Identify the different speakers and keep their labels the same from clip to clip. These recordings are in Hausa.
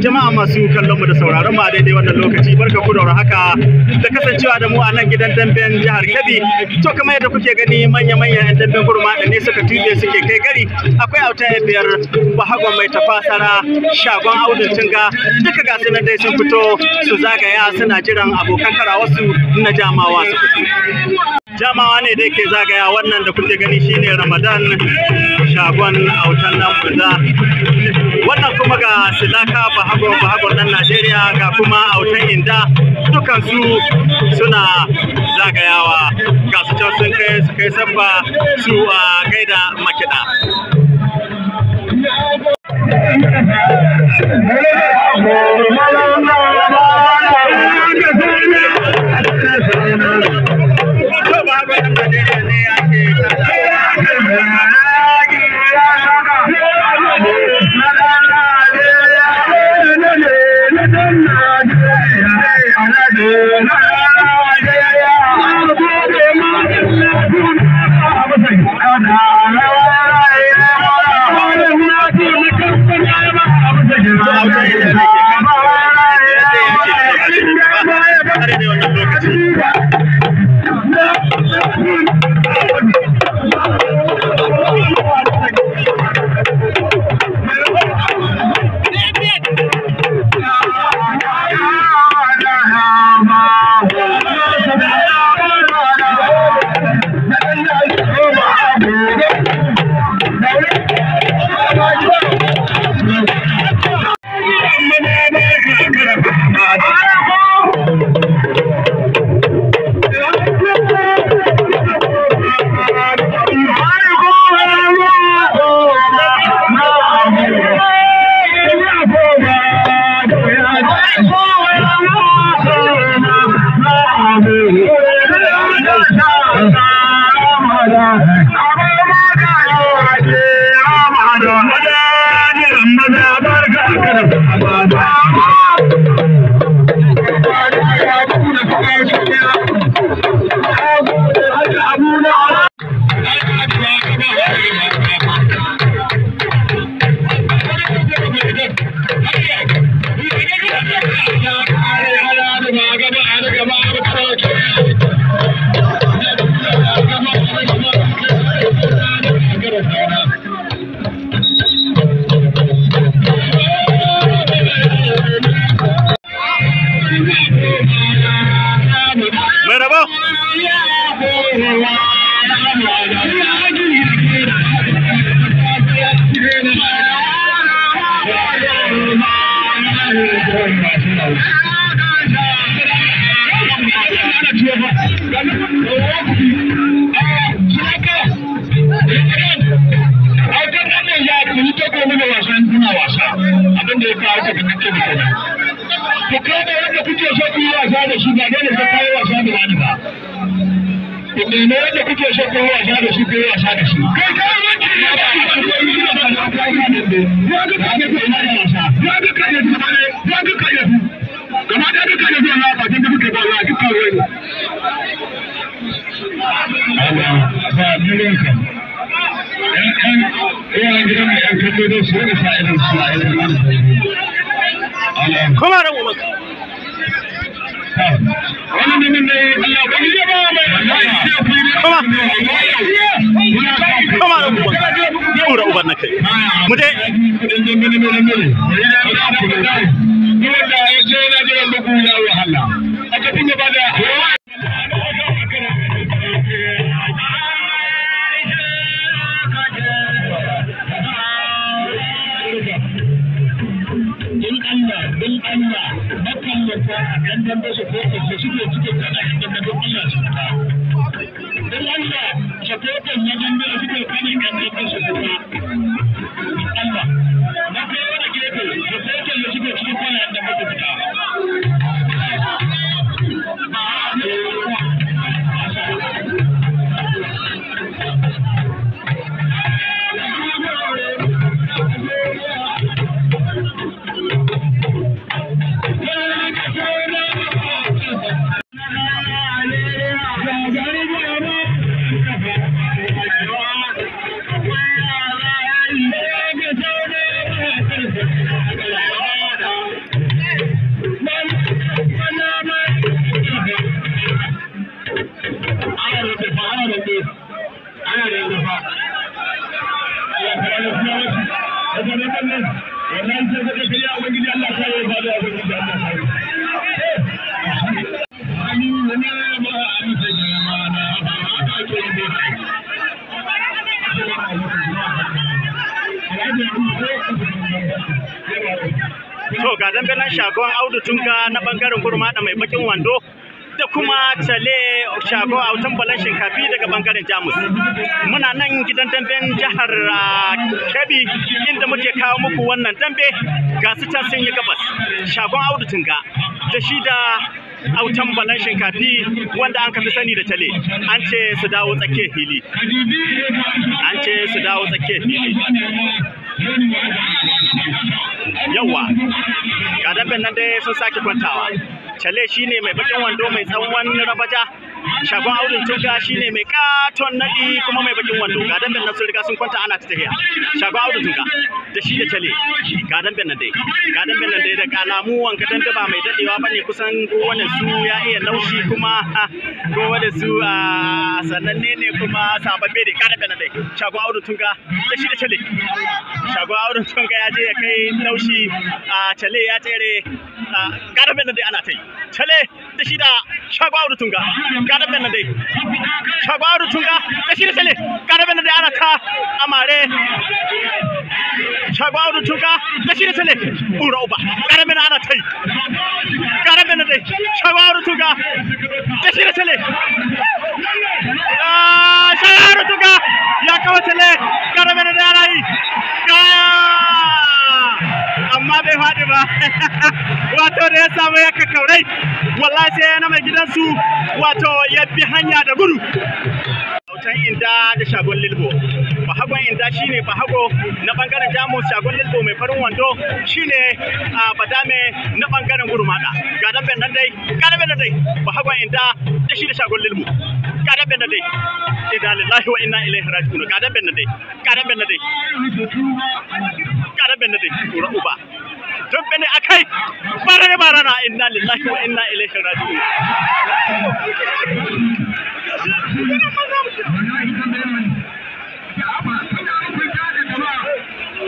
Speaker 1: jama'a masu kallon mu da sauraron mu a daidai wannan lokaci barka ku da haka da kasancewa da mu a nan gidan damben jihar Kebbi to kamar yadda kuke gani manya manya yan damben kurma da ne suka tuje suke kai gari akwai auta biyar bahagon mai tafasara shagon audin tunga duka ga sunan dai sun fito su zagaya suna jiran abokan karawarsu na jamawa su fito jamawa ne da ke zagaya wannan da kuke gani shine ramadan shagon autan nan wannan kuma ga silaka bahagon bahagon nan najeriya ga kuma autan inda dukansu suna zagayawa ga su can sun kai su kai sabba su a gaida makiɗa
Speaker 2: Thank you. Thank you. आज ku buga wasan kuna wasa abin da ya kawo ta kan kake da To ku da wanda kuke so ku yi wasa da shi ba dole ka kawo wasa da wani ba ku ne wanda kuke so ku yi wasa da shi ku yi wasa da shi kai kai wanda ya ba wasa da ba ya ga kai ya ga kai koma ran umarka
Speaker 1: koma koma ran
Speaker 2: wanda jakotan ya gangara suka
Speaker 1: dambelan shagon audu tunga na bangaren gurma da mai bakin wando da kuma tale shago a wutan balan shinkafi daga bangaren jamus muna nan gidan damben jihar ah, kebbi inda muke kawo muku wannan dambe ga su can sun yi gabas shagon audu tunga da shi da autan balan shinkafi wanda an kafi sani da tale an ce su dawo tsakiyar fili an ce su dawo tsakiyar fili yawa ga dabbin nan dai sun sake kwantawa chale shine mai bakin wando mai tsawon rabaja shagon auren toka shine mai katon nadi kuma mai bakin wando ga damben nan sun riga sun kwanta ana ta tafiya shagon auren toka da shi da tale ga damben nan dai ga damben nan dai da alamu wanka dambe ba mai dadewa bane kusan kowane su ya iya laushi kuma ah, kowane su ah, sananne ne kuma sababbe da ga damben nan dai shago auren toka da shi da tale Shago auren toka ya je ya kai laushi a ah, tale ya tsere ga damben nan dai ana ta yi tale da shi da shago auren toka kada benne dai shabaru tunga kashir sele kada benne dai anata amare shabaru tunga kashir sele ura uba kada benne anatai kada benne dai shabaru tunga kashir sele shabaru tunga ya kawatele kada benne dai anai kaya bai faɗi ba wato da ya samu ya kakaurai wallahi sai ya na gidan su, wato ya bi hanya da gudu can inda da shagon lilbo bahagon inda shine bahago na bangaren jamus shagon lilbo mai farin wando shine a badame na bangaren gurmada ga dan ben dai ga dan ben dai bahagon inda da shi da shagon lilbo ga dan ben dai inna lillahi wa inna ilaihi raji'un ga dan ben dai ga dan ben dai karan de da kura uba don benne akai barare barana inna lillahi wa inna ilaihi raji'un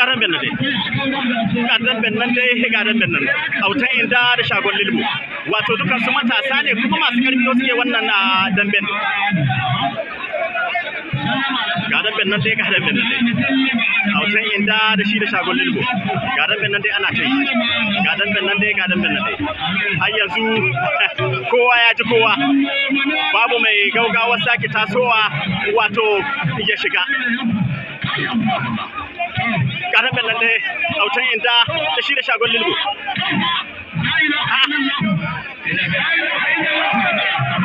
Speaker 1: de benne dai de benne dai karan benne auta inda da shagon lilmu wato dukan su matasa ne kuma masu karfi suke wannan damben ga damben nan dai ga damben nan dai autan inda da shi da shagon lilbo ga damben nan dai ana kai ga damben nan dai ga damben nan dai har yanzu kowa ya ji kowa babu mai gaugawa sake tasowa wato ya shiga ga damben nan dai autan inda da shi da shagon lilbo